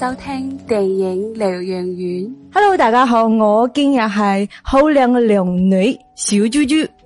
收聽電影《療養院》。Hello，大家好，我今日係好靚嘅靚女小豬豬。